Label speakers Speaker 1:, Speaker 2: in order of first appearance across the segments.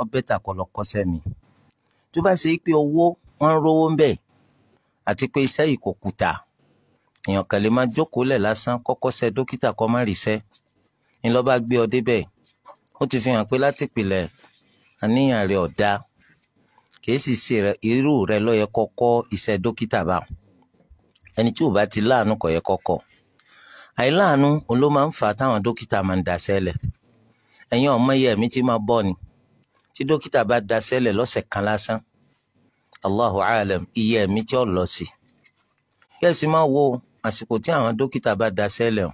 Speaker 1: ó bẹ́tà kó lọ kọ́ṣẹ́ mi tó bá ṣe pé owó wọn ń rówó ń bẹ àti pé iṣẹ́ yìí kò kùtà èèyàn kàn lè máa jókòó lẹ̀ lásán kọ́kọ́ ṣe dókítà kó má ríṣẹ́ ni lọ́ bá gbé ọ débẹ̀ ó ti fi hàn pé láti pìlẹ̀ àníyàn rẹ̀ ò dáa kìí sì ṣe irú rẹ̀ ló yẹ kọ́kọ́ iṣẹ́ dókítà bá ẹni tí ò bá ti láàánú kò yẹ kọ́kọ́ àìláàánú ló máa ń fà táwọn dókítà máa ń daṣẹ́ lẹ̀ ẹ̀yin ọmọ iye ẹ̀mí ti máa bọ́ ni tí dókítà bá daṣẹ́lẹ̀ lọ́sẹ̀ kan lásán allahu alam iye ẹ̀mí tí ó lọ sí kẹ́sì máa wo àsìkò tí àwọn dókítà bá daṣẹ́lẹ̀ o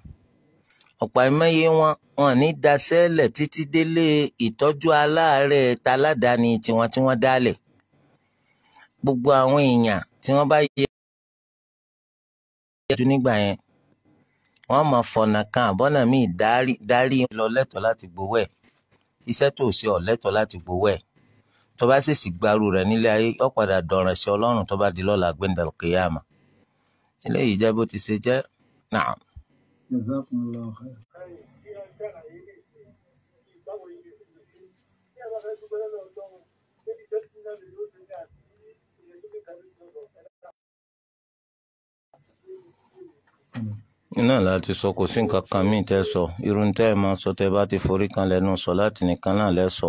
Speaker 1: ọ̀pọ̀ ẹ̀mẹ́yẹ wọn wọn ní daṣẹ́lẹ̀ títí délé ìtọ́jú aláàárẹ̀ taládàáni tiwọn tí wọ́n dálẹ̀ gbogbo àwọn èèyàn tí wọ́n bá yẹ ẹ̀jú nígbà yẹn wọ́n máa fọ̀nà kan àbọ̀nà míì dárí lọ lẹ́tọ̀ọ́ láti gbowó ẹ̀ iṣẹ́ tó ṣe ọ̀lẹ́tọ̀ láti gbowó ẹ̀ tó bá ṣèṣì gbaru rẹ̀ nílé ayé ó padà dọ̀ràn sí ọlọ́run tó bá di lọ́la gbẹ̀ndàl kìyàmà eléyìí jẹ́ bó ti ṣe jẹ́ náà. Thank you iná la ti sọ kò sí nǹkan kan míì tẹ́ sọ irun tẹ́ ẹ máa sọ tẹ́ bá ti forí kan lẹ́nu sọ láti nìkan náà lẹ́ sọ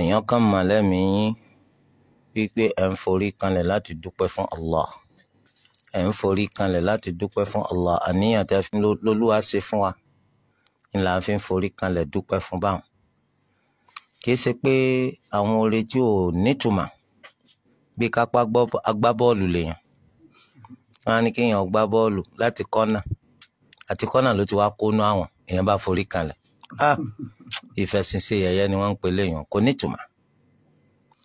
Speaker 1: èèyàn kan mà lẹ́mìí yín wípé ẹ̀ ń forí kanlẹ̀ láti dúpẹ́ fún Allah ẹ̀ ń forí kanlẹ̀ láti dúpẹ́ fún Allah àníyàn tẹ́ fi lólúwa ṣe fún wa ni là ń fi forí kanlẹ̀ dúpẹ́ fún báwọn kìí ṣe pé àwọn oore tí ò nítumọ̀ bí kápá agbábọ́ọ̀lù lèèyàn wọ́n á ní kéèyàn gbá bọ́ọ̀lù láti kọ́nà àti kọ́nà ló ti wá kónú àwọn èèyàn bá forí kanlẹ̀ ìfẹ̀sìnṣe yẹ̀yẹ́ ni wọ́n ń pè léèyàn kò nítumọ̀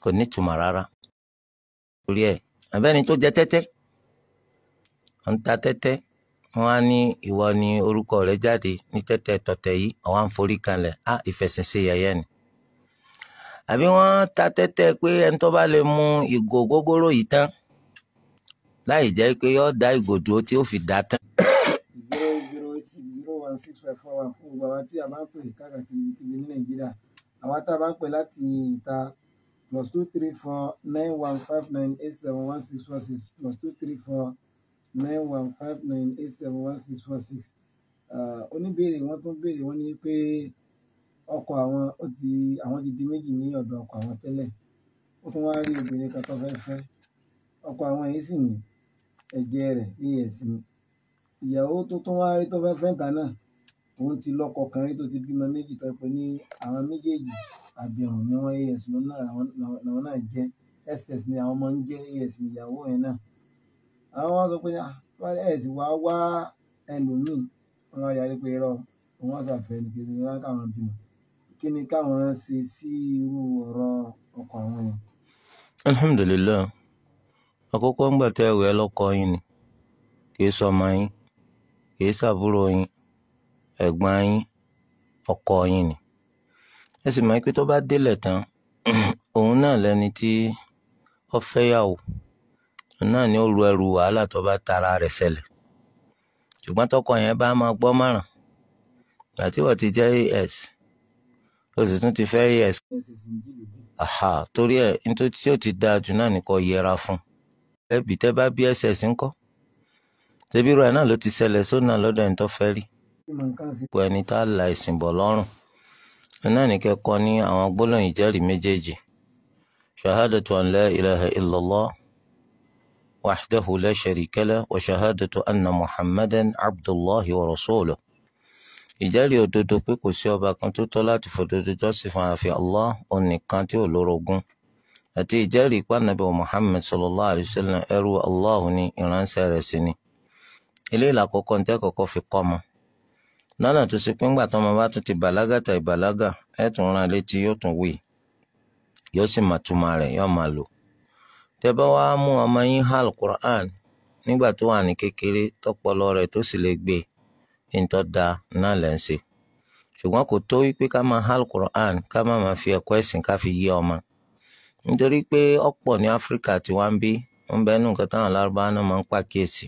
Speaker 1: kò nítumọ̀ rárá torí ẹ̀ abẹ́ni tó jẹ tẹ́tẹ́ ń ta tẹ́tẹ́ wọ́n á ní ìwọ ni orúkọ rẹ̀ jáde ní tẹ́tẹ́ tọ̀tẹ̀ yìí àwọn àǹforí kanlẹ̀ á ìfẹ̀sìnṣe ni àbí wọ́n ta tẹ́tẹ́ pé ẹni tó bá lè mu ìgò gógóró yìí tán láì jẹ́ pé yóò dá ìgò tí ó fi dá tán. zero
Speaker 2: zero eight six zero one six five four one fún gbogbo àwọn tí a bá ń pè káàkiri ibi ní nàìjíríà àwọn tá a bá ń pè láti ìta plus two three four nine one five nine eight seven one six four six plus two three four nine one five nine eight seven one six four six oníbèrè wọn tún béèrè wọn ní pé ọkọ àwọn ó ti àwọn ti di méjì ní ọ̀dọ̀ ọkọ àwọn tẹ́lẹ̀ ó tún wá rí obìnrin kan tó fẹ́ fẹ́ ọkọ àwọn yìí sì ní ẹ̀jẹ̀ rẹ̀ as ni ìyàwó tó tún rí tó fẹ́ fẹ́ǹtà náà òun ti lọ́kọ kan rí tó ti bímọ méjì tó pé ní àwọn méjèèjì àbẹ̀rùn ni wọ́n as làwọn náà jẹ́ ss ni àwọn ọmọ ń jẹ́ as ni ìyàwó yẹn náà àwọn wá sọ pé as ah, wá wá ẹlòmíì wọn wá yarí pé irọ́ òun wá sàfẹ́ ní kí ni káwọn bímọ kí ni káwọn ṣe sí irú ọ̀rọ̀ ọkọ àwọn yẹn.
Speaker 1: alhamdulilayi. akwụkwọ mgbata wee lọkọ yín kìí sọmọ kìí ọkọ ni Esi tọba bá òun lẹni tí ó fẹ́yàwó òun náà ni ó ru ẹrù wàhálà tó bá tara rẹ sẹlẹ tọkọ yẹn bá máa márùn àti ti as o sì tún ti as torí nítorí tí ó ti jù náà fún ẹbí tẹ́ bá bí ẹsẹ̀ sí ń kọ́ tẹbí rẹ náà ló ti ṣẹlẹ̀ sóná lọ́dọ̀ ẹni tó fẹ́ rí ipò ẹni tá a la ẹ̀sìn bọ̀ lọ́rùn náà ní kẹ́kọ̀ọ́ ní àwọn gbólóhùn ìjẹ́rìí méjèèjì shahadatu an la ilaha illallah wahdahu la sharika lah wa shahadatu anna muhammadan abdullahi wa rasuluhu ìjẹ́rìí òdodo pé kò sí ọba kan tó tọ́ láti fòdodo jọ́sìn fún àfi allah onìkan tí ò lórogún àti ìjẹ́rìí pànàbí Muhammad sallallahu alayhi wa sallam ẹrú Allah ni ìránṣẹ́ rẹ̀ sí ni eléyìí làkọ́kọ́ ní tẹ́kọ̀ọ́kọ́ fi kọ́ ọmọ lọ́nà tó ṣe pé ńgbà tó ọmọ bá tún ti bàlágà tà ìbàlágà ẹ̀ tún rán létí yóò tún wí yóò sì máa túmọ̀ rẹ̀ yóò máa lò tẹ́ bá wàá mú ọmọ yín hal Qur'an nígbà tó wà ní kékeré tọpọlọ rẹ̀ tó sì lè gbé ìtọ́ da náà lẹ́ ń ṣe ṣùgbọ́n kò tó wípé ká máa hal Qur'an ká má máa fi ẹ̀kọ́ ẹ̀sìn ká fi yé ọmọ nítorí pé ọ̀pọ̀ ní áfíríkà tí wọ́n ń bí ń bẹ́ẹ̀ nù nǹkan táwọn lárúbáwá náà máa ń pàkíyèsí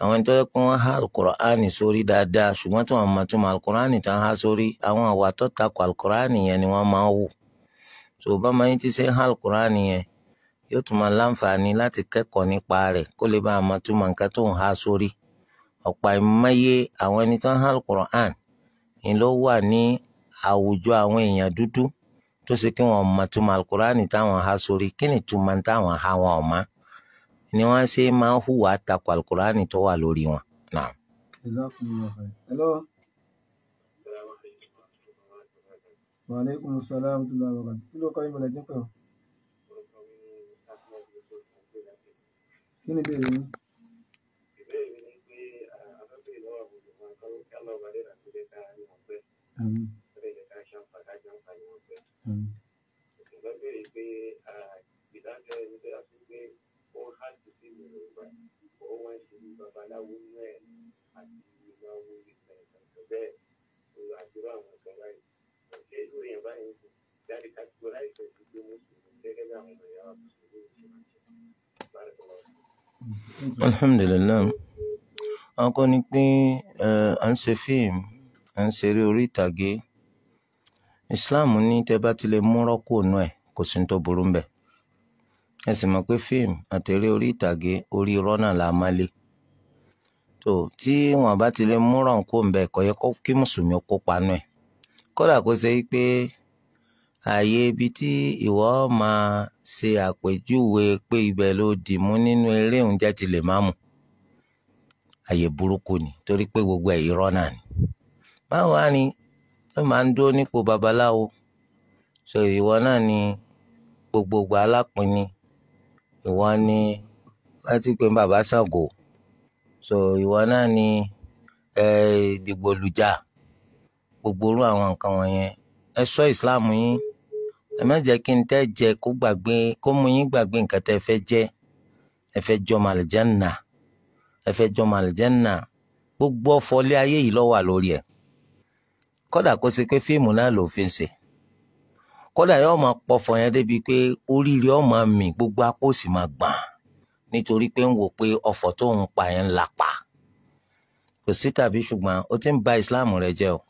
Speaker 1: àwọn ẹni tó wọ́n há alukur'ani sórí dáadáa ṣùgbọ́n tí wọ́n mọ̀ tó mọ alukur'ani tá a há sórí àwọn àwa tó takò yẹn ni wọ́n máa ń wù tó o bá máa ń ti ṣe há alukur'ani yẹn yóò tún máa láǹfààní láti kẹ́kọ̀ọ́ nípa rẹ̀ kó lè bá a mọ̀ tó mọ nǹkan tó ń ni ló wà ní àwùjọ àwọn èèyàn dúdú tó ṣe kí wọn mọ túmọ̀ alukurani táwọn há sórí kí ni túmọ̀ táwọn há wọn ò mọ̀ ni wọ́n ṣe máa ń hùwà takò alukurani tó wà lórí wọn.
Speaker 2: Hello. Wa alaikum salaam tó lọ́wọ́ kan. Kí
Speaker 3: ìjọba mm. béèrè pé ìdájọ́ ẹni tó yàtọ̀ pé à ń ṣe fíìmù
Speaker 1: à ń ṣeré orí ìtàgé islam ní tẹ́ bá ti lè múrọ́ kò nú ẹ̀ kò sí tó burú ń bẹ̀ ẹ sì mọ̀ pé fíìmù àtẹ̀rẹ́ orí ìtàgé orí irọ́ la máa lé tó tí wọn bá ti lè múrọ̀ kò ń bẹ̀ kò yẹ kí mùsùlùmí kópa nú ẹ̀ kódà kó ṣe pé ààyè ibi tí ìwọ máa ṣe àpèjúwe pé ibẹ̀ ló dì mú nínú eré oúnjẹ ti lè má ààyè burúkú ni torí pé gbogbo ẹ̀ irọ́ náà ni báwo á ní ló máa ń dúró nípò babaláwo so ìwọ náà ni gbogbogbò alápinni ìwọ ni láti pé bàbá Ṣàngó so ìwọ náà ni dìgbòlùjà gbogbo orú àwọn nǹkan wọ̀nyẹn ẹ ṣọ́ ìsìláàmù yín ẹ má jẹ́ kí n tẹ́ jẹ kó gbàgbé kó mú yín gbàgbé nǹkan tẹ́ fẹ́ jẹ́ ẹ fẹ́ jọ màlìjánà ẹ fẹ́ jọ màlìjánà gbogbo ọ̀fọ̀ ayé yìí ló wà lórí ẹ̀ kódà kó ṣe pé fíìmù náà ló fi ń ṣe kódà yóò máa pọfọ yẹn débi pé oríire ó máa mì gbogbo apó sì máa gbọ̀n nítorí pé ń wò pé ọ̀fọ̀ tó ń pa yẹn ń lapa kò sí tàbí ṣùgbọ́n o ti ń ba islam rẹ jẹ́ o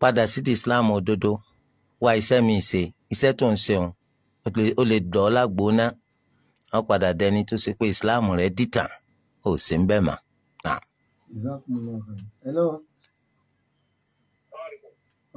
Speaker 1: padà sídìí islam òdodo wá iṣẹ́ mi ṣe iṣẹ́ tó ń ṣeun o lè dọ̀ ọ́ lágbóná wọ́n padà dẹni tó ṣe pé islam rẹ dìtàn ó sì ń bẹ̀ mọ́. Hello.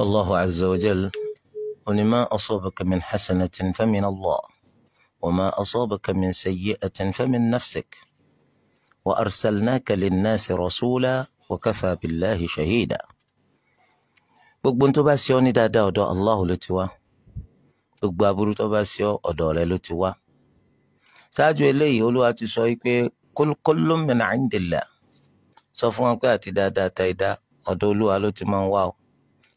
Speaker 1: الله عز وجل ما أصابك من حسنة فمن الله وما أصابك من سيئة فمن نفسك وأرسلناك للناس رسولا وكفى بالله شهيدا بقبنتو باسيو ندادا ودع الله لتوا بقبابرتو باسيو ودعو لتوا ساجو إليه ولواتي سويك كل كل من عند الله sọ fún wọn pé àti dáadáa ta ìdá ọ̀dọ̀ olúwa ló ti máa ń wá o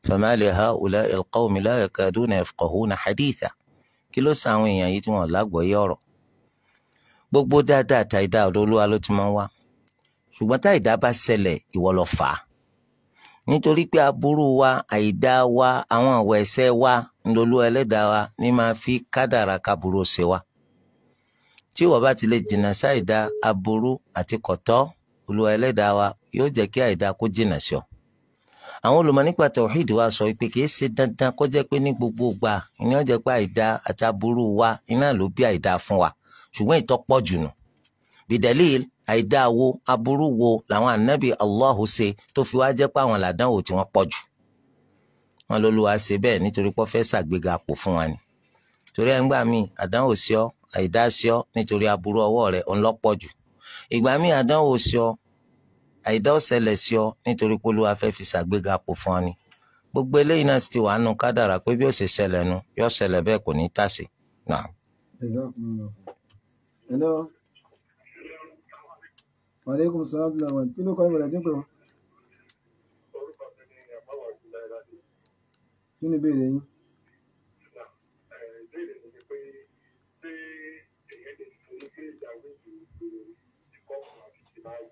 Speaker 1: fama li ha'ula'il qawmi la yakaduna yafqahuna haditha kí ló sa àwọn èèyàn yìí tí wọn lágbọ̀ọ́yé ọ̀rọ̀ gbogbo dáadáa ta ìdá ọ̀dọ̀ olúwa ló ti máa ń wá ṣùgbọ́n tá ìdá bá ṣẹlẹ̀ ìwọ ló fà á nítorí pé aburú wa àìdá wa àwọn ọ̀wọ̀ ẹ̀ṣẹ̀ wa ńlọlú ẹlẹ́dàá wa ní máa fi kádàrà kaburú ṣe wa tí ìwọ bá ti lè jìnnà sáìdá aburú àti kọ̀tọ́ olúwa ẹlẹ́dàá wa yóò jẹ́ kí àìdá kó jìnà sí ọ. àwọn olùmọ̀ nípa tawhid wa sọ pé kì í ṣe dandan kó jẹ́ pé ní gbogbo ìgbà ni jẹ́ pé àìdá àtàbúrú wa iná ló bí àìdá fún wa ṣùgbọ́n ìtọ́pọ̀ jù nù. bìdẹ́líl àìdá wo aburú wo làwọn ànábì Allahu ṣe tó fi wá jẹ́ pé àwọn làdánwò tí wọ́n pọ̀ jù. wọn lolúwa ṣe bẹ́ẹ̀ nítorí pé ó fẹ́ ṣàgbéga àpò fún wa ni. torí ẹ̀ ń gbà mí àdánwò sí ìgbà míì àdánwò sí ọ àìdá ọ̀sẹ̀lẹ̀ sí ọ nítorí pé olúwa fẹ́ fi ṣàgbéga pò fún ọ ni gbogbo eléyìí náà sì ti wà nù kádàrà pé bí ó ṣe ṣẹlẹ̀ nu yóò ṣẹlẹ̀ bẹ́ẹ̀ kò ní tàsí náà.
Speaker 2: hello maaleykum salaam alaykum kí ló kọ́ ìbẹ̀rẹ̀ dín pé o kí ni ìbéèrè yín. báyìí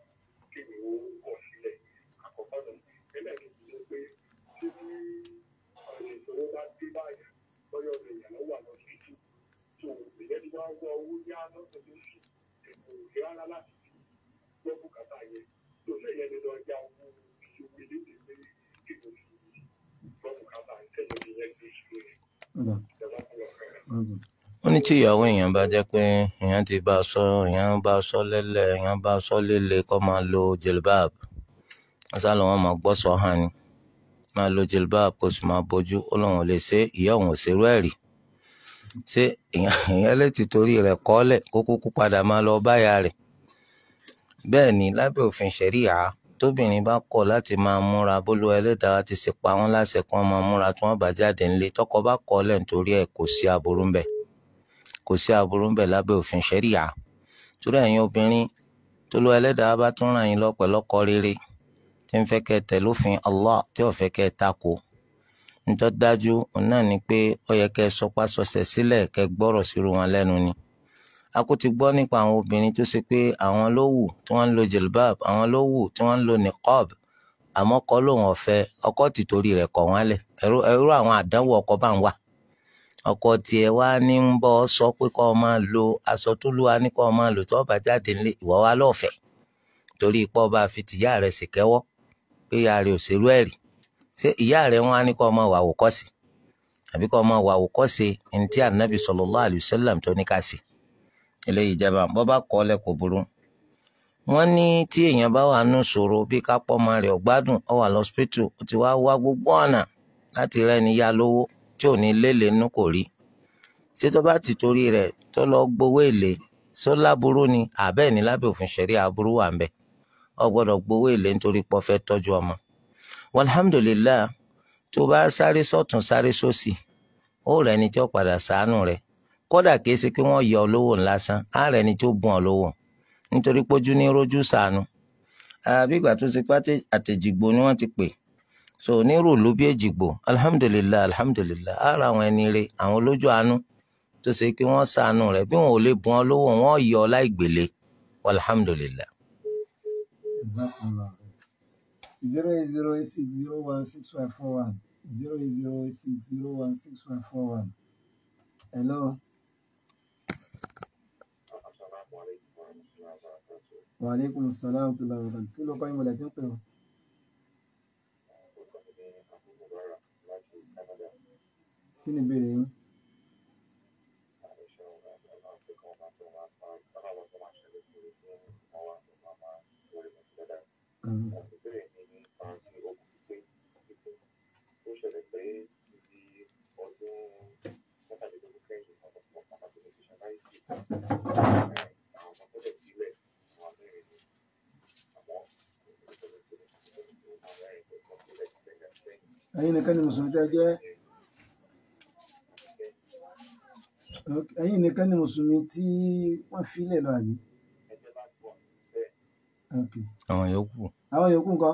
Speaker 2: mm-hmm. kí
Speaker 1: mm-hmm ó ní tí ìyàwó èèyàn bá jẹ́ pé èèyàn ti bá a sọ èèyàn bá a sọ lẹ́lẹ̀ èèyàn bá a sọ lélẹ̀ kó máa lo jilbab asálò wọn máa gbọ́ sọ hàn ni máa lo jilbab kó sì máa bójú ó lóun ò lè ṣe ìyá òun ò ṣerú ẹ̀ rí ṣé èèyàn lè ti torí rẹ̀ kọ́lẹ̀ kó kúkú padà máa lọ báyà rẹ̀ bẹ́ẹ̀ ni lábẹ́ òfin ṣẹ̀ríyà tóbìnrin bá kọ̀ láti máa múra bólú ẹlẹ́dàá ti sì pa wọ́n láṣẹ kí wọ́n máa múra tí wọ́n bá jáde ńlé tọkọ bá kọ̀ ọ́ ẹ̀ kò sí aburú ńbẹ̀ kò sí aburú ń bẹ̀ lábẹ́ òfin ṣẹ́ríà torí ẹ̀yin obìnrin tó lọ ẹlẹ́dàá bá tún ràn yín lọ pẹ̀lọ́kọ rere tí ń fẹ́ kẹ́ tẹ̀ lófin Allah tí ò fẹ́ kẹ́ tako nítọ́ dájú náà ni pé ó yẹ kẹ́ sọpá sọsẹ̀ sílẹ̀ kẹ́ gbọ́rọ̀ sírú wọn lẹ́nu ni a kò ti gbọ́ nípa àwọn obìnrin tó ṣe pé àwọn ló wù tí wọ́n ń lo jilbab àwọn ló wù tí wọ́n ń lo niqab àmọ́ ọkọ lòun ọ̀fẹ́ ọkọ tìtorí rẹ̀ kọ̀ wọ́n lẹ̀ ẹ̀rú àwọn àdánwò ọkọ bá ń wà ọkọ tiẹ̀ wá ní ń bọ́ sọ pé kọ́ ọ máa lo aṣọ tó lù wá ní kọ́ ọ máa lò tó ọba jáde nílé ìwọ wá lọ́ọ̀fẹ́ torí ipò ọba fi tìyá rẹ̀ sì kẹ́wọ́ pé ìyá rẹ̀ ò ṣerú ẹ̀ ṣé ìyá rẹ̀ wọ́n ní kọ́ ọ máa wà àwòkọ́ṣe àbí kọ́ ọ máa wà àwòkọ́ṣe ní tí ànábì sallallahu alaihi wasallam tó ní ká ṣe eléyìí jẹba bọ́ bá kọ́ lẹ̀ kò burú wọ́n ní tí èèyàn bá wà nù ṣòro bí ká ọmọ rẹ̀ ọ̀gbádùn ó tí ò ní lélẹ̀ nú kò rí ṣé tó bá ti torí rẹ̀ tó lọ gbowó èlé só láburú ni àbẹ́ẹ̀ ní lábẹ́ òfin ṣẹ̀rí aburú wà ń bẹ̀ ọ gbọ́dọ̀ gbowó èlé nítorí pọ́ tọ́jú ọmọ. walhamdulillah tó bá sáré sọ́tún sáré sósì ó rẹ̀ ni tí ó padà sàánú rẹ̀ kódà kìí ṣe kí wọ́n yọ olówó ńlásán á rẹ̀ ni tí ó bùn ọ lówó nítorí pójú ní rójú sàánú àbí tó ṣe pátẹ́ àtẹ̀jìgbò ni wọ́n ti pè so onírúurú bí èjìgbò alihamudulilayi alihamudulilayi ara àwọn ẹni rẹ àwọn olójú àánú tó ṣe pé wọ́n ṣàánú rẹ bí wọn ò lè bùn ọ lówó wọn yọ ọ láì gbélé alihamudulilayi.
Speaker 2: zero eight zero eight six zero one six five four one zero eight zero eight six zero one six five four one. hello. wàhálà ìkùn tó lọ́wọ́ kí ló kọ́ ìmọ̀lẹ̀ tí ń pè ọ́. Kí ni ìbéèrè mm-hmm.
Speaker 3: Thank you ẹ̀yin nìkan ni mùsùlùmí
Speaker 2: tẹ́ jẹ́ ẹ̀yin nìkan ni mùsùlùmí tí wọ́n fi lè lọ àbí. àwọn yòókù. àwọn yòókù ńkọ́.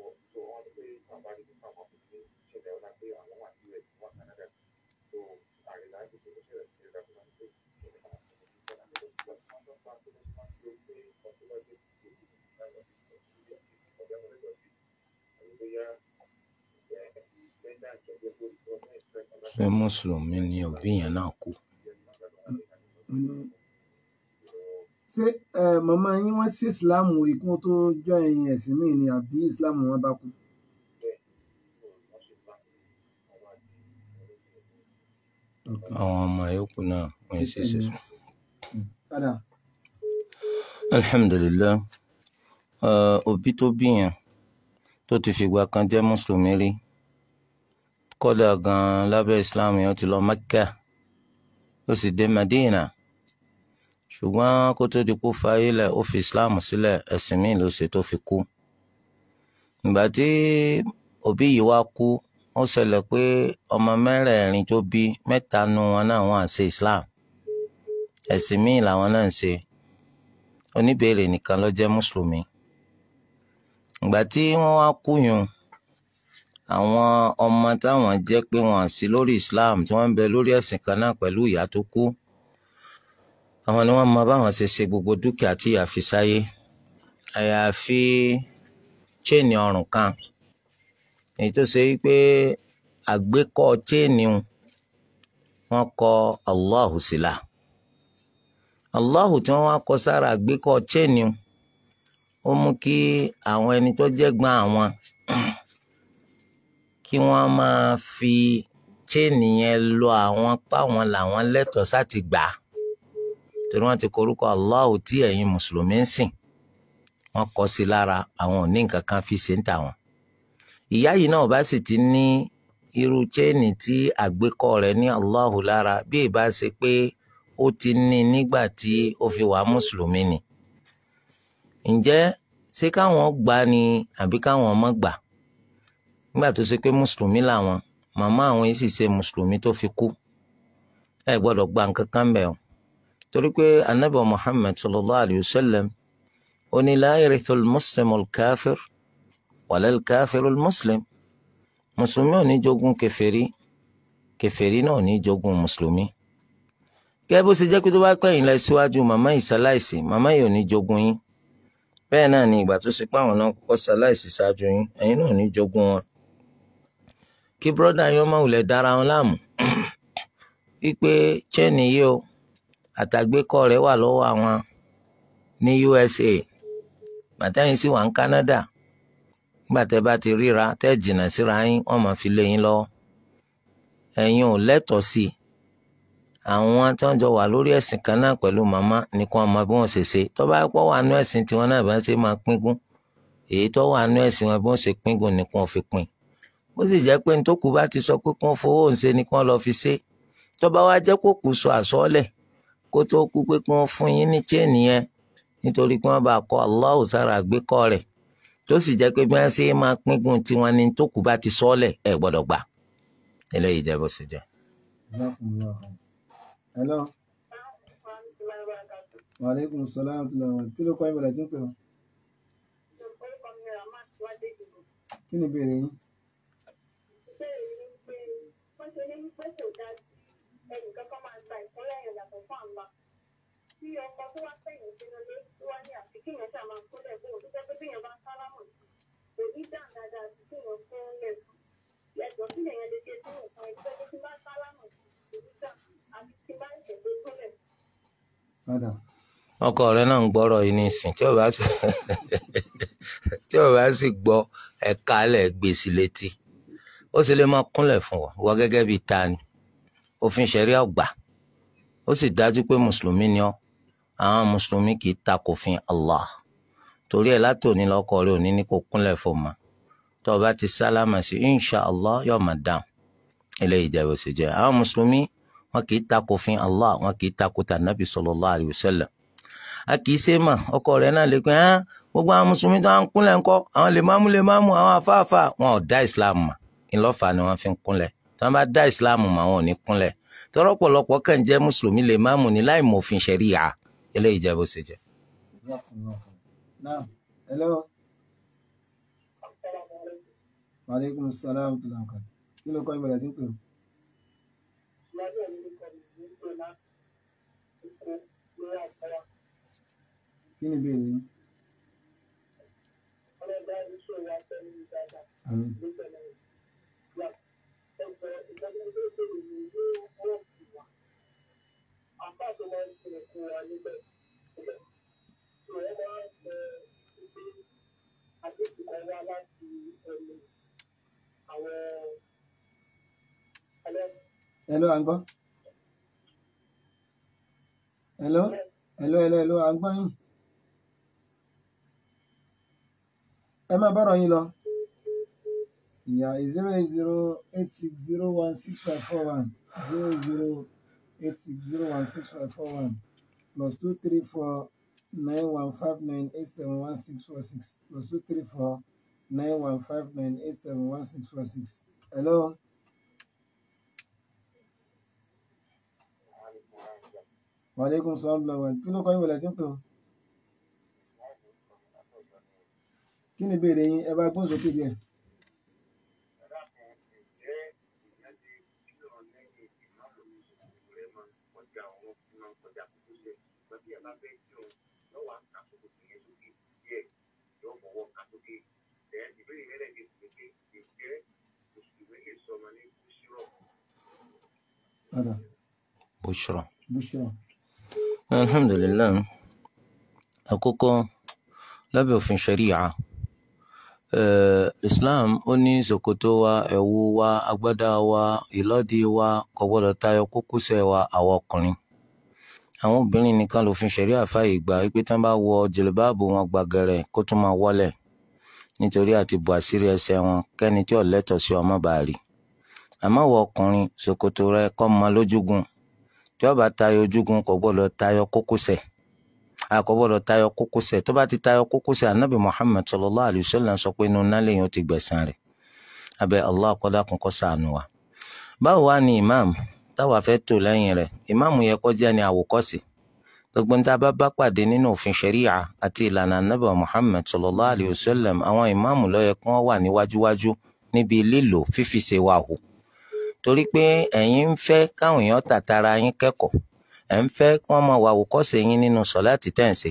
Speaker 3: lọ́wọ́ so wọ́n ní pé bàbá ní nípa àwọn ọkùnrin ní ìṣẹ̀lẹ̀ ọ̀la pé àwọn wà ní US wà Canada so àrìlá ti tó ṣẹlẹ̀ sí ẹ̀ka tó máa ń pè ìṣẹ̀lẹ̀ àwọn ọkùnrin ní ìṣẹ̀lẹ̀ àti ìṣẹ̀lẹ̀ tó máa ń tọ́ka tó máa ń lo pé ọ̀tọ́lọ́jẹ́ ti di òkú nípa ìwádìí ìṣẹ̀lẹ̀ ọ̀gá mọ̀lẹ́dọ̀ sí àlùbọ́yá
Speaker 1: ṣé mùsùlùmí ni òbí yẹn náà kú
Speaker 2: ṣé màmá yín wọ́n sí islam rí kí wọ́n tó jọ ẹ̀yìn ẹ̀sìn míì ni àbí islam wọn bá kú.
Speaker 1: àwọn ọmọ yòókù náà wọ́n sì ṣe sùn. alhamdulillah òbí tó bíyàn tó ti fìgbà kan jẹ́ mùsùlùmí rí kódà gan-an lábẹ́ islam yẹn ó ti lọ mẹ́kà ó sì dé madina ṣùgbọ́n kó tó di kú fayé lẹ̀ ó fi islam sílẹ̀ ẹ̀sìn míì ló ṣe tó fi kú ìgbà tí òbí yìí wá kú ó ṣẹlẹ̀ pé ọmọ mẹ́rẹ̀ẹ̀rin tó bí mẹ́ta nu wọn náà wọ́n à ṣe islam ẹ̀sìn míì làwọn náà ń ṣe oníbèrè nìkan ló jẹ́ mùsùlùmí ìgbà tí wọ́n wá kú yùn àwọn ọmọ táwọn jẹ́ pé wọ́n sí lórí islam tí wọ́n ń bẹ lórí ẹ̀sìn kan náà pẹ̀lú ìyá tó kú àwọn ni wọ́n mọ báwọn ṣe ṣe gbogbo dúkìá tí ìyá fi sáyé àyàfi chain ọrùn kan èyí tó ṣe wípé àgbékọ́ chain wọn kọ Allahu sílá Allahu tí wọ́n wá kọ sára àgbékọ́ chain ó mú kí àwọn ẹni tó jẹ́gbọ́n àwọn kí wọ́n máa fi chain yẹn lọ àwọn páwọn làwọn lẹ́tọ̀ọ́ sáti torí wọ́n ti korúkọ Allahu tí ẹ̀yin mùsùlùmí ń sìn wọ́n kọ́ sí lára àwọn òní nǹkan kan fi ṣe ń tà wọ́n. ìyá yìí náà bá sì ti ní irú chéènì tí àgbékọ́ rẹ̀ ní Allahu lára bí ìbá ṣe pé ó ti ní nígbà tí ó fi wà mùsùlùmí ni. ǹjẹ́ ṣé káwọn gbà ni àbí káwọn má gbà nígbà tó ṣe pé mùsùlùmí làwọn màmá àwọn yìí sì ṣe mùsùlùmí tó fi kú ẹ gbọ́dọ̀ gba nǹkan kan o torí pé anabi muhammed sallallahu alayhi wa sallam ó ní la yarithul muslimu al-kafir wala al-kafiru al-muslim mùsùlùmí ò ní jogún kèfèrí kèfèrí náà ò ní jogún mùsùlùmí gẹ́gẹ́ bó ṣe jẹ́ pé tó bá pẹ́yìn lọ síwájú màmá yìí ṣaláìsí màmá yìí ò ní jogún yín bẹ́ẹ̀ náà ni ìgbà tó ṣe páwọn náà kọ́kọ́ ṣaláìsí ṣáájú yín ẹ̀yin náà ò ní jogún wọn. kí bírọ́dà yín ọmọ dára wọn láàmú wípé chain yìí o àtàgbékọ́ rẹ̀ wà lọ́wọ́ àwọn ní USA gbàtẹ́yìn sì wà ní Canada gbàtẹ́ bá ti ríra tẹ́ jìnnà síra yín wọ́n máa fi lé yín lọ́wọ́ ẹ̀yin ò lẹ́tọ̀ọ́ sí i àwọn tó ń jọ wà lórí ẹ̀sìn kan náà pẹ̀lú màmá ni kí wọ́n mọ bí wọ́n ṣe ṣe tó bá pọ̀ wà nú ẹ̀sìn tiwọn náà bá ṣe máa pínpín èyí tó wà nú ẹ̀sìn wọn bí wọ́n ṣe pínpín ni kí wọ́n fi pín ó sì jẹ́ pé nítòkù bá ti sọ pé kí fowó ń ṣe ni kí wọ́n lọ fi ṣe tó bá wá jẹ́ kó kù sọ àsọ́ọ́lẹ̀ kó tó kú pé kí wọ́n fún yín ní chain yẹn nítorí pé wọ́n bá kọ Allahu sára àgbékọ́ rẹ̀ tó sì jẹ́ pé bí wọ́n ṣe máa pínpín tiwọn ni tó kù bá ti sọ́ọ̀lẹ̀ ẹ̀ gbọ́dọ̀ gbà eléyìí jẹ́ bó ṣe jẹ́.
Speaker 2: kí ni ìbéèrè yín.
Speaker 3: ìbéèrè yín pé wọ́n ṣe ní pẹ́sẹ̀ ọkọ tó wá sẹ́yìn sínú ilé tó wá ní àfikún yẹn ṣàmà kólẹ̀ o tó jẹ́ pé bí yẹn bá ń sálámù kò ní dàn dáadáa àfikún yẹn fún lẹ́kùn
Speaker 1: rẹ náà ń gbọ́rọ̀ yìí nísìn tí ò bá sì tí ò bá gbèsè e létí ó sì lè máa kúnlẹ̀ fún ọ wọ gẹ́gẹ́ bíi ta ni òfin ṣẹ̀ríà ọgbà ó sì dájú pé mùsùlùmí ni ọ́ àwọn mùsùlùmí kì í takòfin Allah torí ẹ̀ látòní lọ́kọ rẹ̀ òní ní kò kúnlẹ̀ fún ma tó o bá ti sálámà sí insha Allah yóò máa dáhùn eléyìí jẹ́ bóṣe jẹ́ àwọn mùsùlùmí wọn kì í takòfin Allah wọn kì í takòtà nàbì sallallahu alayhi wa sallam a kì í ṣe mà ọkọ rẹ̀ náà lè pẹ́ ẹ́ gbogbo àwọn mùsùlùmí tó ń kúnlẹ̀ ńkọ́ àwọn lèmámù lèmámù àwọn afáàfáà wọn ò dá islam mà ńlọ́fà ni wọ́n fi ń tí wọ́n bá dá islam mà wọn ò ní kúnlẹ̀ tọ́rọ̀pọ̀lọpọ̀ kàn jẹ́ mùsùlùmí lèmámù ní láì mọ̀fin ṣẹ̀ríyà eléyìí jẹ́ bó ṣe jẹ́.
Speaker 2: hello. maaleykum salaam tuntun kan kí ló kọ́ ìbẹ̀rẹ̀ tí ń
Speaker 3: àbá tó máa ń ṣe òkú wa níbẹ̀ níbẹ̀ tí wọ́n máa ń sọ pé àdéhùn kan wá láti ẹnu àwọn ẹlẹ́.
Speaker 2: Hello, à ń gbọ́. Hello, hello, hello, hello, à ń gbọ́ yín. Ẹ máa bọ́rọ̀ yín lọ. Yeah, zero eight zero eight six zero one six five four one zero zero eight six zero one six five four one plus two three four nine one five nine eight seven one six four six plus two three four nine one five nine eight seven one six four six. Hello. wàlẹ́kùn sọ́ọ́lọ́wẹ̀ kí ló kọ́ ìwọ̀lẹ̀ tí ń pè ọ́ kí ni ìbéèrè yín ẹ bá gbóhùn sókè díẹ̀.
Speaker 3: èèyàn Bushra. fẹ́ tí o yóò wá kà sókè ìyẹn sókè díẹ̀ yóò fọwọ́ kà sókè
Speaker 1: eh, islam ó ní ṣòkòtò wa ẹ̀wù wa agbádá wa ìlọ́dì wa kò gbọ́dọ̀ tayọ wa àwọn àwọn obìnrin nìkan lòfin ṣẹ̀ríà fàyè gbà wípé tí wọ́n bá wọ jìlìbáàbò wọn gbàgẹ̀rẹ̀ kó tún máa wọlẹ̀ nítorí àti bò àṣírí ẹsẹ̀ wọn kẹ́ni tí ò lẹ́tọ̀ọ́ sí ọmọ bá rí àmọ́ wọ ọkùnrin ṣòkòtò rẹ kó mọ lójúgun tí ó bá tayọ ojúgun kò gbọ́dọ̀ tayọ kókósẹ̀ kò gbọ́dọ̀ tayọ kókósẹ̀ tó bá ti tayọ kókósẹ̀ anabi Muhammad sallallahu alayhi wa sallam sọ pé inú nálẹ̀ yẹn ó ti gbẹ̀san rẹ̀ abẹ́ Allah kọ́dá kún kó ṣàánú wa báwo wá ni imam táwa fẹ́ tò lẹ́yìn rẹ̀ ìmáàmù yẹ kó jẹ́ ni àwòkọ́sí gbogbo ń tá a bá bá pàdé nínú òfin ṣẹ̀ríà àti ìlànà anábà Muhammad sallallahu alayhi wa sallam àwọn ìmáàmù ló yẹ kí wọ́n wà níwájúwájú níbi lílo fífi ṣe wa hù torí pé ẹ̀yin ń fẹ́ káwọn èèyàn tàtara yín kẹ́kọ̀ọ́ ẹ̀ ń fẹ́ kí wọ́n máa wà àwòkọ́sí yín nínú sọ̀láàtì tẹ̀sí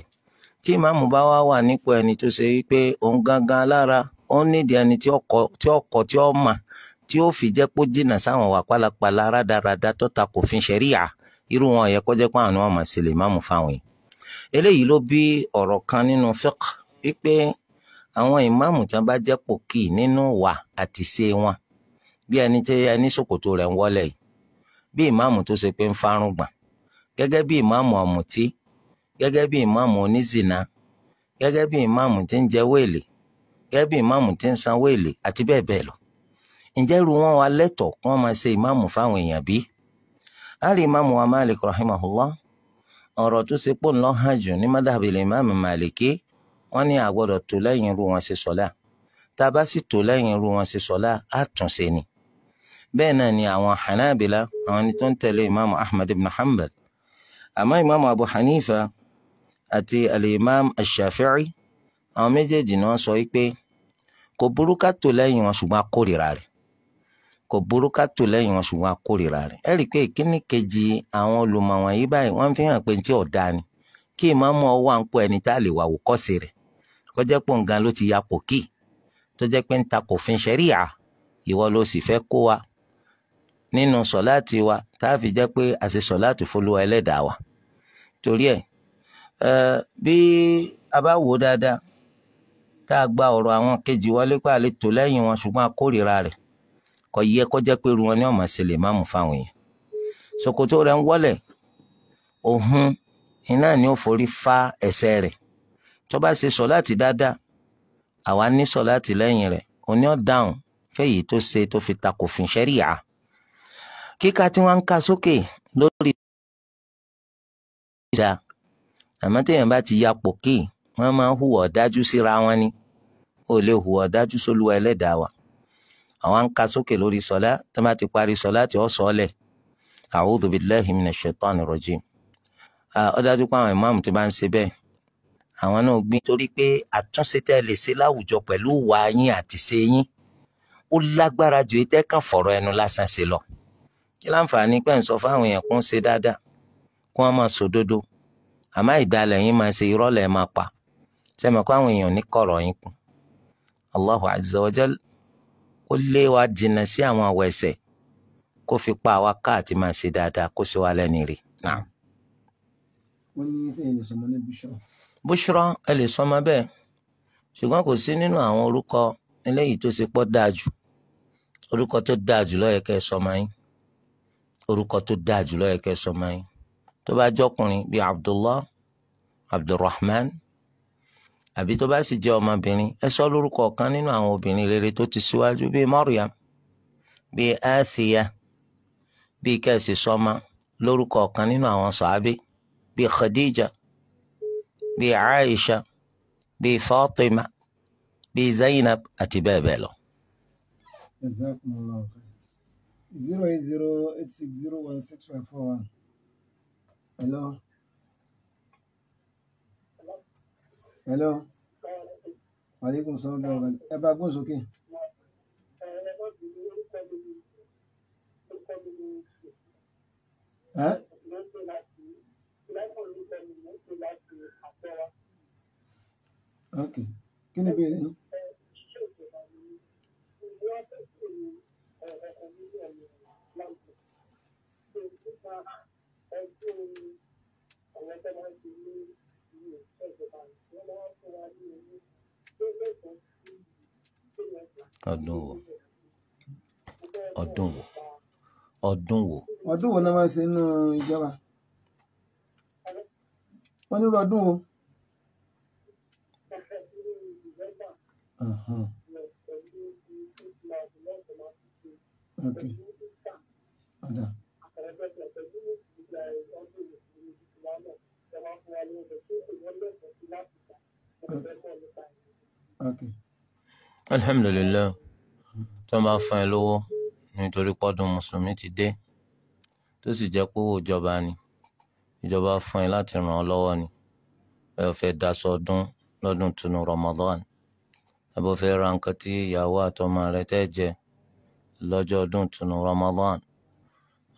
Speaker 1: tí ìmáàmù bá wá wà nípò ẹni tó ṣe wípé òun gangan lára ó nídìí ẹni tí ọkọ̀ tí ó tí ó fi jẹ́ pé ó jìnnà sáwọn wà pálapàla rádaràda tó ta kò fin ṣẹ̀ríà irú wọn yẹ kó jẹ́ pé àwọn ọmọ sì lè má mú fáwọn yìí. eléyìí ló bí ọ̀rọ̀ kan nínú fiqh wípé àwọn ìmáàmù tán bá jẹ́ pòkì nínú wà àti ṣe wọn bí ẹni tí ẹni ṣòkòtò rẹ̀ ń wọlé yìí bí ìmáàmù tó ṣe pé ń fárùngbọ̀n gẹ́gẹ́ bí ìmáàmù ọ̀mùtí gẹ́gẹ́ bí ìmáàmù onízìnà gẹ́gẹ́ bí ìmáàmù tí ń jẹ wéèlì gẹ́gẹ́ bí ìmáàmù tí ń san wéèlì àti bẹ́ẹ̀ bẹ́ẹ̀ lọ ǹjẹ́ irú wọn wà lẹ́tọ̀ọ́ kí wọ́n máa ṣe ìmáàmù fáwọn èèyàn bí? ali imaamu wa malik rahimahullah ọ̀rọ̀ tó ṣe pò ńlọ hàn jù ní mádàbílẹ̀ imáàmù màlìkí wọ́n ní àgbọ̀dọ̀ tó lẹ́yìn irú wọn ṣe sọ́lá tá a bá sì tó lẹ́yìn irú wọn ṣe sọ́lá àtúnṣe ni. bẹ́ẹ̀ náà ni àwọn hanabila àwọn ni tó ń tẹ̀lé imaamu ahmed ibn hanbal àmọ́ imaamu abu hanifa àti al-imam ash-shafi'i àwọn méjèèjì ni wọ́n sọ wípé kò burú ká tó lẹ́yìn wọn ṣùgbọ́n a rẹ̀ kò burú ká tò lẹ́yìn wọn ṣùgbọ́n a kórìíra rẹ̀ ẹ rí i pé ìkíní kejì àwọn olùmọ̀ wọ̀nyí báyìí wọ́n fi hàn pé ní tí ọ̀dà ni kí ìmáàmù ọwọ́ à ń pọ̀ ẹni tá a lè wà wò kọ́sì rẹ̀ kó jẹ́ pé nǹkan ló ti ya pò kí tó jẹ́ pé ń ta kò fin ṣẹ́ríà ìwọ ló sì fẹ́ kó wa nínú sọ̀láàtì wa tá a fi jẹ́ pé a ṣe sọ̀láàtì fúnlúwa ẹlẹ́dàá wa torí ẹ̀ bí a bá wò dáadáa tá a gba ọ̀rọ̀ àwọn kejì wọlé pé a lẹ́yìn wọn ṣùgbọ́n a kórìíra rẹ̀ kò yẹ kó jẹ́ pé irú wọn ní ọmọ ṣe lè má mú fáwọn èèyàn ṣòkòtò rẹ̀ ń wọ́lẹ̀ òhun iná ni ó forí fa ẹsẹ̀ rẹ̀ tó bá ṣe sọ̀láàtì dáadáa àwa ní sọ̀láàtì lẹ́yìn rẹ̀ òní ọ̀ dáhùn fẹ́yìí tó ṣe tó fi ta kò fin ṣẹ́ríyà kíka tí wọ́n ń ka sókè lórí àmọ́ téèyàn bá ti ya pò kí wọ́n máa ń hùwà ọ̀dájú síra wọn ni ó lè hùwà ọ̀dájú sólúwa ẹlẹ́dàá wa àwọn ń ka sókè lórí sọlá tó bá ti parí sọlá tí ó sọ ọ lẹ̀ a'udhu billahi minash shaitani rajim ó dájú pé àwọn ìmáàmù tó bá ń ṣe bẹ́ẹ̀ àwọn náà gbìn torí pé àtúnṣe tẹ́ lè ṣe láwùjọ pẹ̀lú ìwà yín àti ṣe yín ó lágbára ju ètè kan fọ̀rọ̀ ẹnu lásán ṣe lọ kí láǹfààní pẹ́ ń sọ fáwọn èèyàn kó ń ṣe dáadáa kó wọ́n máa sòdodo àmọ́ ìdálẹ̀ yín máa ṣe irọ́ máa pa sẹ́mi kó àwọn èèyàn ní kọ̀rọ̀ yín kù Allahu azza kó lé wa jìnnà sí àwọn àwọ̀ ẹ̀ṣẹ̀ kó fi pa àwa káàtì máa ṣe dáadáa kó ṣe wá lẹ́ni rè Bushra. Bushra ẹ lè sọmọ bẹ́ẹ̀ ṣùgbọ́n kò sí nínú àwọn orúkọ eléyìí tó ṣe pọ̀ dáa jù orúkọ tó dáa jù ló yẹ kẹ́ sọmọ yín orúkọ tó dáa jù ló yẹ kẹ́ sọmọ yín tó bá jọkùnrin bíi Abdullah Abdulrahman àbí tó bá sì jẹ́ ọmọbìnrin ẹ sọ lórúkọ kan nínú àwọn obìnrin rere tó ti síwájú bíi Maryam bíi Asiya bíi kẹ́sì sọ́mà lórúkọ kan nínú àwọn sàábé bíi Khadija bíi Aisha bíi Fatima bíi Zainab àti bẹ́ẹ̀ bẹ́ẹ̀ lọ.
Speaker 2: zero eight zero eight six zero one six five four one. hello maaleykum salaam ọdún ọgbà ẹ bá gún sókè. ok kí ni ìbéèrè yín.
Speaker 3: Thank you
Speaker 1: ọdún wo
Speaker 2: ọdún wo ọdún wo. ọdún wo ni wọ́n ṣe nínú ìjọba wọ́n nílò ọdún wo.
Speaker 3: Okay
Speaker 1: alhamdulilayi tí wọ́n bá fún ẹ lówó nítorí pọ́dún mùsùlùmí ti dé tó sì jẹ́ pé owó ìjọba ni ìjọba fún ẹ láti ràn ọ́ lọ́wọ́ ni ẹ fẹ́ daṣọ ọdún lọ́dún tunu Ramadan ẹ bó fẹ́ ra nǹkan tí ìyàwó àtọmọ rẹ tẹ́ jẹ lọ́jọ́ ọdún tunu Ramadan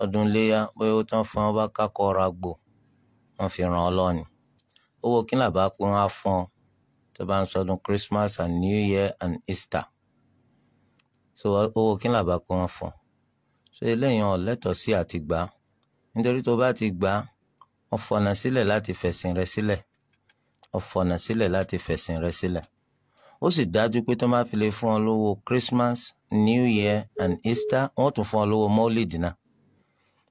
Speaker 1: ọdún léyà bóyá ó tán fún ọ bá kákọ́ ra gbò wọ́n fi ran Ọlọ́run ni. Owó kí ni bàbá pé wọ́n á fún ọ tó bá ń sọdún Christmas and New Year and Easter. So owó kí ni bàbá pé wọ́n fún ọ. So eléyìí ọ̀ lẹ́tọ̀ọ́ sí àti gbà á. Nítorí tó bá ti gbà á, wọ́n fọ̀nà sílẹ̀ láti fẹ̀sìn rẹ sílẹ̀. Wọ́n fọ̀nà sílẹ̀ láti fẹ̀sìn rẹ sílẹ̀. Ó sì dájú pé tó máa fi lè fún ọ lówó Christmas, New Year and Easter, wọ́n tún fún ọ lówó Mọ́lìdì náà.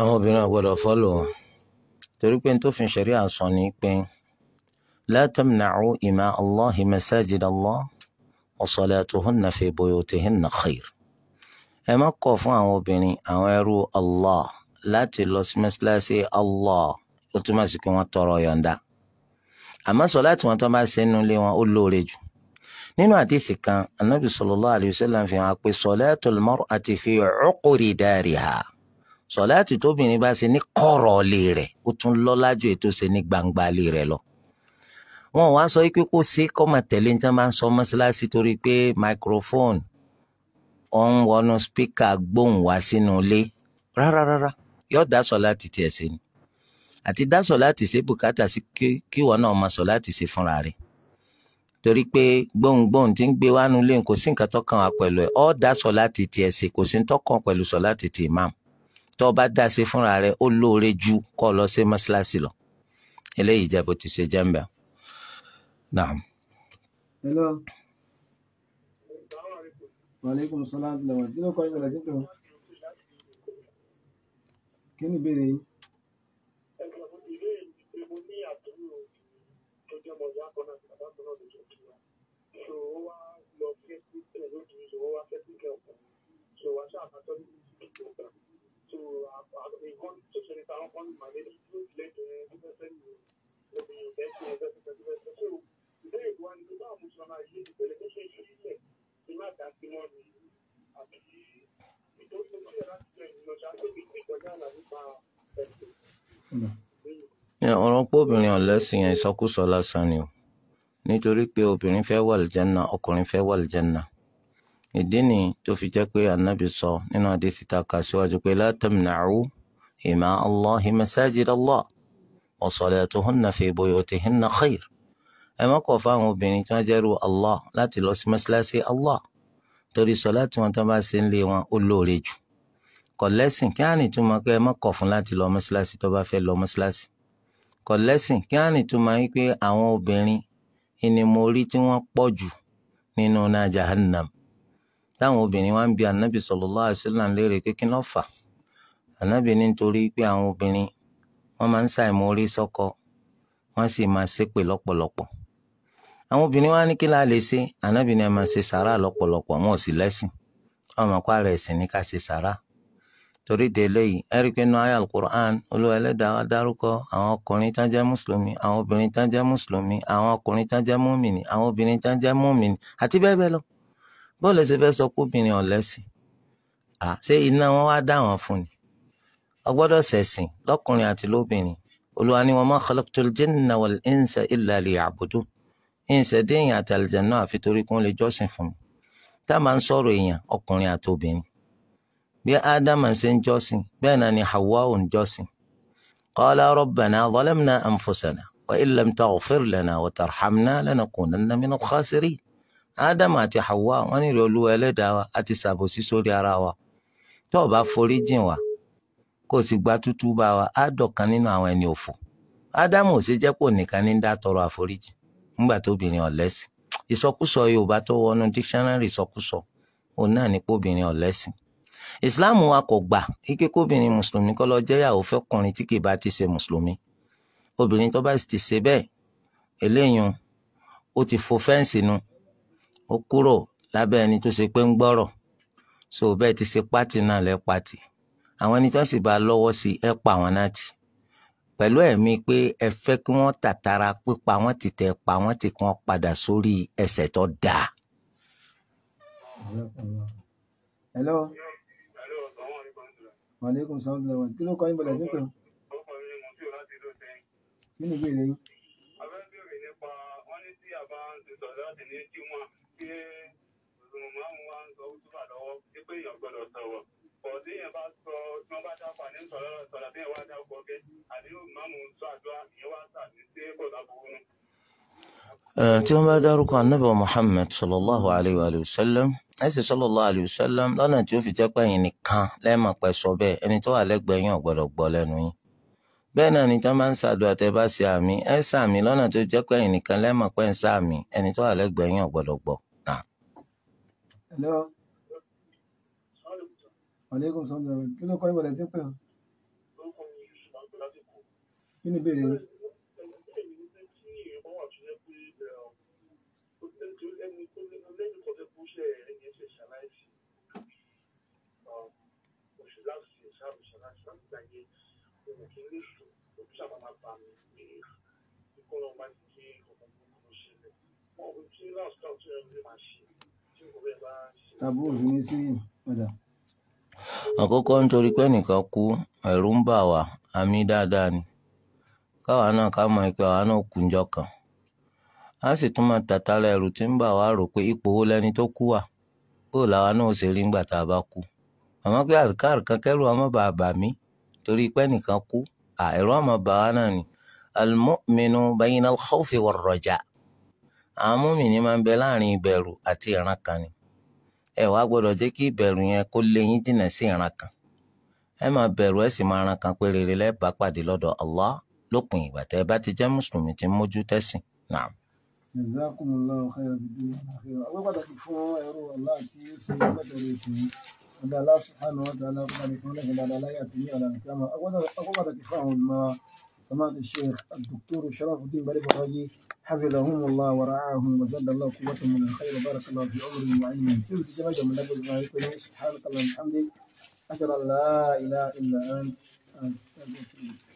Speaker 1: àwọn obìnrin àgbọ́dọ̀ fọ́lò wọn torí pé tó fi ṣẹ̀rí àṣọ ni pé la tamna'u ima allahi masajid allah wa salatuhunna fi buyutihinna khair ẹ má kọ̀ fún àwọn obìnrin àwọn ẹrú allah láti lọ sí mẹ́sàlásì allah ó túmọ̀ sí pé wọ́n tọrọ yọ̀ǹda àmọ́ sọ láti wọn tó bá ṣe nínú ilé wọn ó lóore jù nínú àdìsí kan anabi sallallahu alayhi fi hàn pé salatul mar'ati fi uqri sọláàtì tóbìnrin bá ṣe ní kọ̀rọ̀ ilé rẹ̀ ó tún lọ́lá ju ètò ṣe ní gbangba ilé rẹ̀ lọ. wọn wá sọ pé kó ṣe kọ́mọ tẹ̀lé ní tí wọ́n máa ń sọ mọ́ṣáláṣí torí pé microphone ọ̀hún wọnú spíkà gbóhùn wá sínú ilé rárárárá yóò dá sọláàtì tiẹ̀ ṣe ni àti dá sọláàtì ṣe bùkátà sí kí wọn náà máa sọláàtì ṣe fúnra rẹ̀ torí pé gbóhùngbóhùn tí ń gbé wánu lé kò sí nǹkan tó kàn wá pẹ̀lú ẹ̀ ọ́ dá sọláàtì tiẹ̀ ṣe kò sí ń tọ́kàn pẹ̀lú sọláàtì ti imam tó bá dá sí fúnra rẹ ó lóore ju kó lọ sí mọ́ṣáláṣí lọ eléyìí jẹ́ bó ti ṣe jẹ́ ń bẹ̀. naam.
Speaker 2: hello. waaleykum salaam lọ́wọ́ kí ló kọ́ ìbẹ̀rẹ̀ tí kí ni ìbéèrè yìí.
Speaker 3: So, wa So uh, they got such an around one minus two later, and will
Speaker 1: hmm. obìnrin ọ̀lẹ́sìn yẹn ìsọkúsọ lásán ni o nítorí pé obìnrin fẹ́ wà lìjẹ́nà ọkùnrin fẹ́ wà lìjẹ́nà ìdí ni tó fi jẹ́ pé anabi sọ nínú àdìsí ta kà síwájú pé la tamna'u ima Allahi masajid Allah wa salatuhunna fi buyutihinna khair ẹ má kọ̀ fáwọn obìnrin tí wọ́n jẹ́rù Allah láti lọ sí mọ́ṣáláṣí Allah torí sọ láti wọn tó bá ṣe ń lé wọn ó lóore jù kọ̀ lẹ́sìn kí á ní túmọ̀ pé ẹ má kọ̀ fún láti lọ mọ́ṣáláṣí tó bá fẹ́ lọ mọ́ṣáláṣí kọ̀ kí á ní túmọ̀ pé àwọn obìnrin ìnimọ̀ tí wọ́n pọ̀ jù nínú náà jahannam táwọn obìnrin wá ń bi ànábì sallallahu alaihi wasallam léèrè pé kí ló fà ànábì ní nítorí pé àwọn obìnrin wọ́n máa ń ṣàìmórí sọ́kọ wọ́n sì máa ṣépè lọ́pọ̀lọpọ̀ àwọn obìnrin wá ní kí la lè ṣe ànábì ní ẹ máa ṣe sàrà lọ́pọ̀lọpọ̀ wọn ò sì lẹ́sìn wọn mọ̀ pa rẹ̀ ẹ̀sìn ní ká ṣe sàrà torí de eléyìí ẹ rí i pé nínú ayé alukur'an olúwa ẹlẹ́dàá wa dárúkọ àwọn ọkùnrin tán jẹ́ mùsùlùmí àwọn obìnrin tán jẹ́ mùsùlùmí àwọn ọkùnrin tán jẹ́ múmìnì àwọn obìnrin tán jẹ́ múmìnì àti bẹ́ẹ̀ bẹ́ẹ̀ lọ bọ́ọ̀lù ẹsẹ̀ fẹ́ sọ pé obìnrin ọ̀lẹ́sìn à ṣé iná wọn wá dá wọn fún ni ọgbọ́dọ̀ ṣẹ̀sìn lọ́kùnrin àti lóbìnrin olúwa ni wa ma khalaqtul jinna wal insa illa liya'budun ìǹsẹ̀ déèyàn àti àlìjẹ̀nà àfi torí kún lè jọ́sìn fún mi tá a máa ń sọ̀rọ̀ èèyàn ọkùnrin àti obìnrin bí ádámà ṣe ń jọ́sìn bẹ́ẹ̀ náà ni hawa ò ń jọ́sìn qala rabbana zalamna anfusana wa illam taghfir lana wa tarhamna lanakunanna minal khasirin ádámù àti hawa wọ́n nílò olúwa ẹlẹ́dàá wa a ṣàbòsí sórí ara wa tó o bá forí jìn wá kó o sì gba tútú bá wa á dọ̀kan nínú àwọn ẹni òfò ádámù ò sì jẹ́ pò nìkan ní dá tọrọ àforíjì nígbà tó obìnrin ọ̀lẹ́sìn ìsọkúsọ yorùbá tó wọnú dictionary ìsọkúsọ òun náà ní pé ọ̀lẹ́sìn islam wa kò gbà ike kóbìnrin mùsùlùmí kọ́ lọ jẹ́yàwó fẹ́kùnrin tí kì bá ti ṣe mùsùlùmí obìnrin tó bá ti ṣe bẹ́ẹ̀ eléyìí ó ti fo fẹ́ǹsì nu ó kúrò lábẹ́ ẹni tó ṣe pé ń gbọ́rọ̀ so bẹ́ẹ̀ ti ṣe pátì náà lẹ́ pátì àwọn ẹni tó sì bá lọ́wọ́ sí ẹ pa àwọn náà tì pẹ̀lú ẹ̀mí pé ẹ fẹ́ kí wọ́n tàtara pípa wọ́n ti tẹ̀ pa wọ́n ti kàn padà sórí ẹsẹ̀ tó dáa.
Speaker 2: hello. maaleykum salaam kí ló kọ́ yín bọ̀dọ̀ dínkù. kí ni ìbéèrè yín. lọ́sìn ní tí wọ́n pé màá ń wá ń sọ wútúbà lọ́wọ́ pé èèyàn gbọ́dọ̀ sọ̀rọ̀
Speaker 1: pọ̀ téèyàn bá sọ tí wọ́n bá dáfà ní sọ̀rọ̀ sọ̀rọ̀ téèyàn wá dáfọ̀ bẹ́ẹ̀ àbí màmú sọ àdúrà ìyẹn wá sàbí sí kò lábúrú nù. tí wọ́n bá dárúkọ anábọ̀ Muhammad sallallahu alayhi wa sallam ẹ̀sìn sallallahu alayhi wa sallam lọ́nà tí ó fi jẹ́ pẹ́yìn nìkan lẹ́ẹ̀mọ̀ sọ bẹ́ẹ̀ ẹni tó wà lẹ́gbẹ̀ẹ́ yín ò gbọ́dọ̀ gbọ́ lẹ́nu yín bẹ́ẹ̀ náà ni tí wọ́n bá ń ṣàdúrà tẹ́ bá ṣe àmì ẹ ṣàmì lọ́nà tó jẹ́ pé ẹ̀yin nìkan lẹ́mọ̀ pé ń ṣàmì ẹni tó wà lẹ́gbẹ̀ẹ́ yín ọ̀gbọ́dọ̀ gbọ́.
Speaker 2: kí ni ìbéèrè yín
Speaker 3: sábà máa bá mi pé kíkọ́ lọ́wọ́ bá ti kí ọkọ̀ gbogbo ṣẹlẹ̀ wọn kò tí láòsítà tó yẹ kó máa ṣe tí kò bẹ́ẹ̀ bá ṣe.
Speaker 2: àbúrò fi ní sí padà.
Speaker 1: àkọ́kọ́ nítorí pé ẹnìkan kú ẹ̀rù ń bà wá àmì dáadáa ni káwa náà ká mọ ìpè àwa náà kù njọ kan a sì tún máa tàtàrà ẹ̀rù tí ń bà wá rò pé ipò wo lẹni tó kú wà bó làwa náà ṣe rí ńgbà tá a bá kú àmọ́ pé àlùkàrù kan kẹ́rù ọmọ bàbá mi torí pé ẹnìkan kú Ah, ẹ̀rọ àmọ́ bàá náà ni al-mu'minu bayna al-khawfi war-raja àwọn mọ́mìnì máa ń bẹ láàrin ìbẹ̀rù àti ìran kan ni ẹ wàá gbọ́dọ̀ jẹ́ kí ìbẹ̀rù yẹn kó lé yín sí ìran kan ẹ máa bẹ̀rù ẹ sì máa ran kan pé rere lẹ́ẹ̀bá pàdé lọ́dọ̀ Allah lópin ìgbà tẹ́ bá ti jẹ́ mùsùlùmí tí mójú tẹ́sìn náà.
Speaker 2: jazakumullahu khairan bíbí àwọn pàtàkì fún ẹrú aláàtí ó ṣe pẹ́tẹ́rẹ́ ìpín أن الله سبحانه وتعالى قد لسانه لا لا يأتي على كما أورد كفاهم مع سماحة الشيخ الدكتور شرف الدين بلي بغاجي حفظهم الله ورعاهم وزاد الله قوتهم من الخير وبارك الله في عمرهم وعلمهم كل جماعة من نبي الله سبحانك اللهم وبحمدك أشهد أن لا إله إلا أنت
Speaker 3: أستغفرك